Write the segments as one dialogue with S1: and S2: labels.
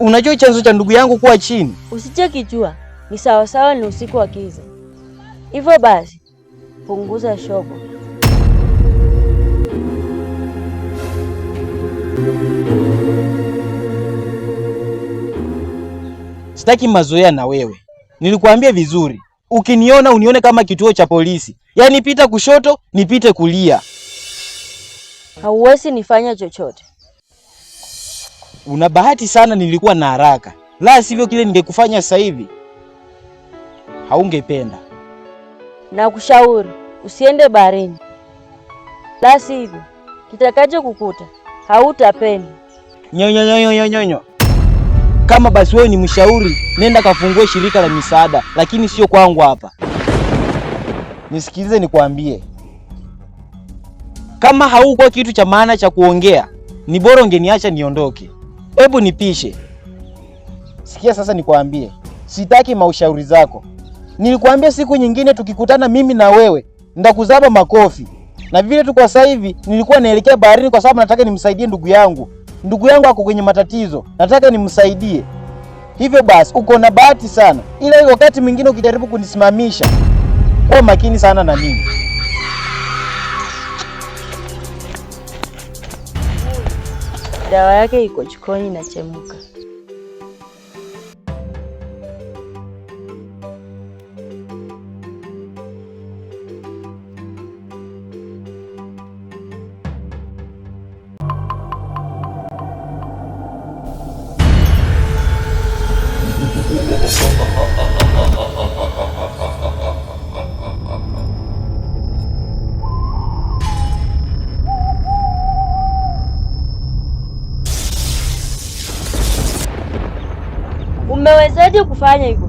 S1: Unajua chanzo cha ndugu yangu kuwa chini,
S2: usicheki jua ni sawasawa, ni usiku wa giza. Hivyo basi punguza shobo.
S1: Sitaki mazoea na wewe, nilikuambia vizuri. Ukiniona unione kama kituo cha polisi, yaani pita kushoto nipite kulia.
S2: Hauwezi nifanya chochote.
S1: Una bahati sana, nilikuwa na haraka, la sivyo kile ningekufanya sasa hivi haungependa.
S2: Nakushauri usiende baharini, la sivyo kitakacho kukuta hautapenda.
S1: Nyonyonyonyonyonyo, kama basi wewe ni mshauri, nenda kafungue shirika la misaada, lakini sio kwangu hapa. Nisikilize nikwambie, kama hauko kitu cha maana cha kuongea, ni bora ungeniacha niondoke. Hebu nipishe. Sikia sasa, nikwambie, sitaki maushauri zako. Nilikuambia siku nyingine tukikutana mimi na wewe ndakuzaba makofi. Na vile tu kwa sasa hivi nilikuwa naelekea baharini, kwa sababu nataka nimsaidie ndugu yangu. Ndugu yangu ako kwenye matatizo, nataka nimsaidie. Hivyo basi, uko na bahati sana, ila wakati mwingine ukijaribu kunisimamisha, kuwa makini sana na mimi.
S2: Dawa yake iko jikoni inachemka. Unawezaje kufanya hivyo?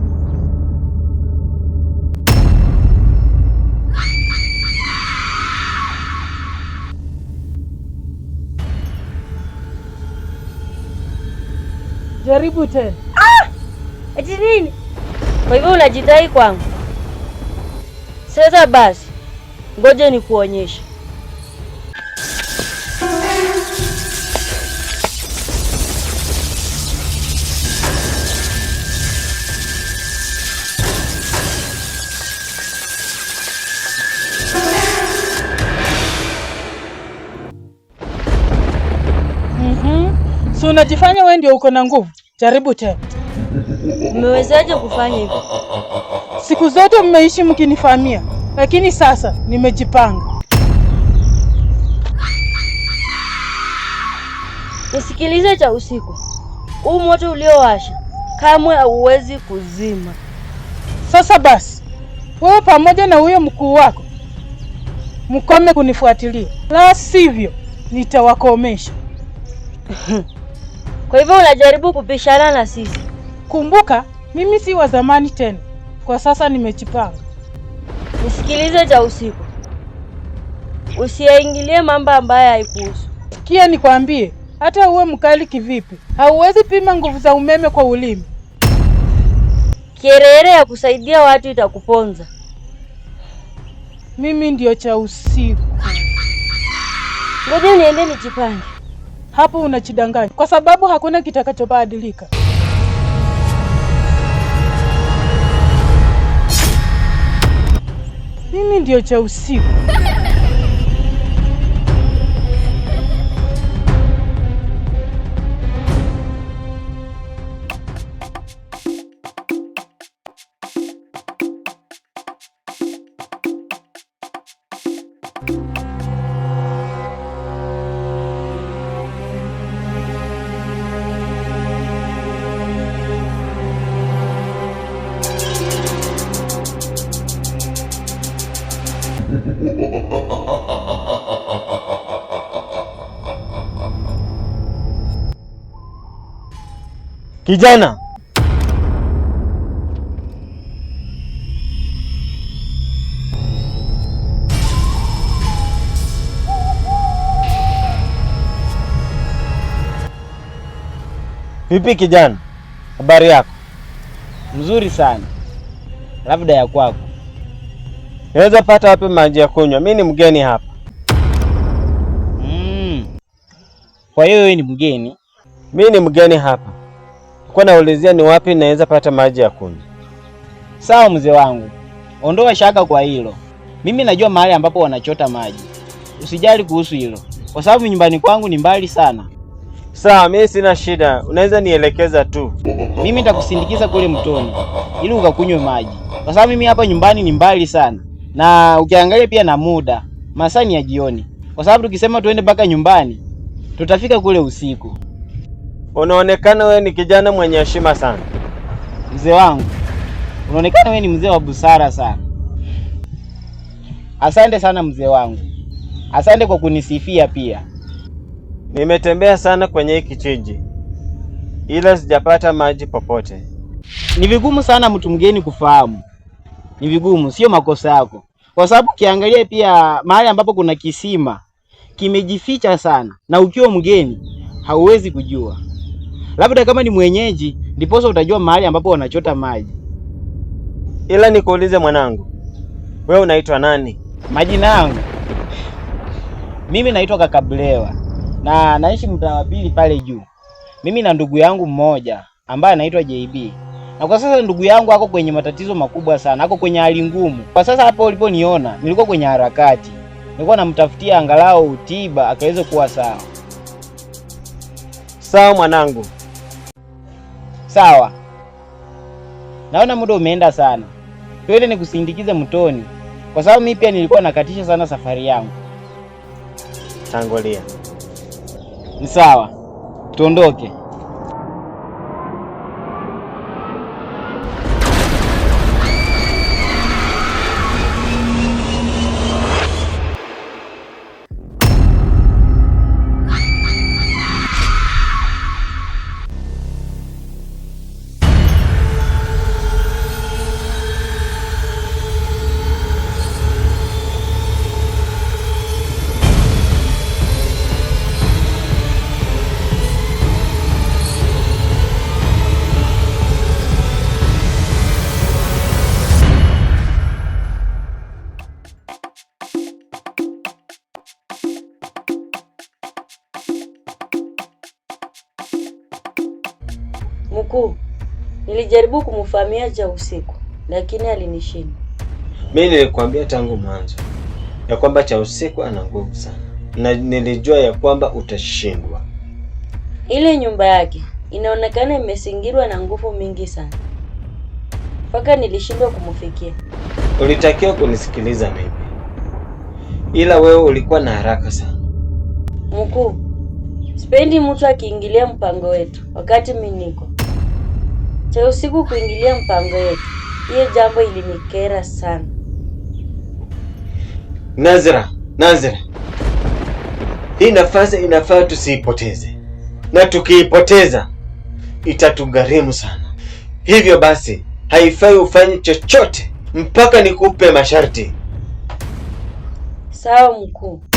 S3: Jaribu tena. Ah!
S2: Eti nini? Kwa hivyo unajidai kwangu? Sasa basi, ngoja nikuonyeshe.
S3: Hmm? Si unajifanya wewe ndio uko na nguvu? Jaribu tena.
S2: Mmewezaje kufanya hivyo?
S3: Siku zote mmeishi mkinifahamia, lakini sasa nimejipanga.
S2: Nisikilize cha usiku, huu moto uliowasha kamwe hauwezi kuzima.
S3: Sasa basi, wewe pamoja na huyo mkuu wako mkome kunifuatilia, la sivyo nitawakomesha.
S2: Kwa hivyo unajaribu kupishana na sisi.
S3: Kumbuka mimi si wa zamani tena, kwa sasa nimejipanga.
S2: Nisikilize cha usiku, usiyaingilie mambo ambayo haikuhusu.
S3: Sikia nikwambie, hata uwe mkali kivipi, hauwezi pima nguvu za umeme kwa ulimi.
S2: Kerere ya kusaidia watu itakuponza.
S3: Mimi ndio cha usiku.
S2: Ngoja niende nijipange
S3: hapo unachidanganya, kwa sababu hakuna kitakachobadilika. Mimi ndio cha usiku.
S4: Kijana, vipi kijana? Habari yako?
S5: Mzuri sana. Labda ya kwako.
S4: Naweza pata wapi maji ya kunywa? Mimi ni mgeni hapa.
S5: Mm. Kwa hiyo wewe ni mgeni?
S4: Mimi ni mgeni hapa. Kwa naulizia ni wapi naweza pata maji ya kunywa.
S5: Sawa mzee wangu, ondoa shaka kwa hilo. Mimi najua mahali ambapo wanachota maji, usijali kuhusu hilo, kwa sababu nyumbani kwangu ni mbali sana.
S4: Sawa, mimi sina shida, unaweza nielekeza tu,
S5: mimi nitakusindikiza kule mtoni ili ukakunywe maji, kwa sababu mimi hapa nyumbani ni mbali sana na ukiangalia pia na muda masaa ni ya jioni, kwa sababu tukisema tuende mpaka nyumbani tutafika kule usiku.
S4: Unaonekana wewe ni kijana mwenye heshima sana,
S5: mzee wangu. Unaonekana wewe ni mzee wa busara sana. Asante sana mzee wangu, asante kwa kunisifia pia.
S4: Nimetembea sana kwenye hiki kijiji, ila sijapata maji popote.
S5: Ni vigumu sana mtu mgeni kufahamu, ni vigumu, sio makosa yako, kwa sababu ukiangalia pia mahali ambapo kuna kisima kimejificha sana, na ukiwa mgeni hauwezi kujua. Labda kama ni mwenyeji, ndiposa utajua mahali ambapo wanachota maji.
S4: Ila nikuulize mwanangu, wewe unaitwa nani?
S5: Majina yangu mimi naitwa Kakablewa na naishi mtaa wa pili pale juu. Mimi na ndugu yangu mmoja ambaye anaitwa JB na kwa sasa ndugu yangu ako kwenye matatizo makubwa sana, ako kwenye hali ngumu kwa sasa. Hapo uliponiona nilikuwa kwenye harakati, nilikuwa namtafutia angalau utiba akaweze kuwa sawa
S4: sawa. Mwanangu,
S5: sawa. Naona muda umeenda sana, twende nikusindikize mtoni, kwa sababu mimi pia nilikuwa nakatisha sana safari yangu. Tangulia. Ni sawa, tuondoke.
S2: Nilijaribu kumfahamia cha usiku lakini alinishinda.
S4: Mimi nilikwambia tangu mwanzo ya kwamba cha usiku ana nguvu sana, na nilijua ya kwamba utashindwa.
S2: Ile nyumba yake inaonekana imezingirwa na nguvu mingi sana mpaka nilishindwa kumfikia.
S4: Ulitakiwa kunisikiliza mimi, ila wewe ulikuwa na haraka sana.
S2: Mkuu, sipendi mtu akiingilia mpango wetu wakati mimi niko usiku kuingilia mpango wetu. Hiyo jambo ilinikera sana.
S4: Nazira, Nazira, hii nafasi inafaa tusiipoteze, na tukiipoteza itatugharimu sana. Hivyo basi, haifai ufanye chochote mpaka nikupe masharti.
S2: Sawa mkuu.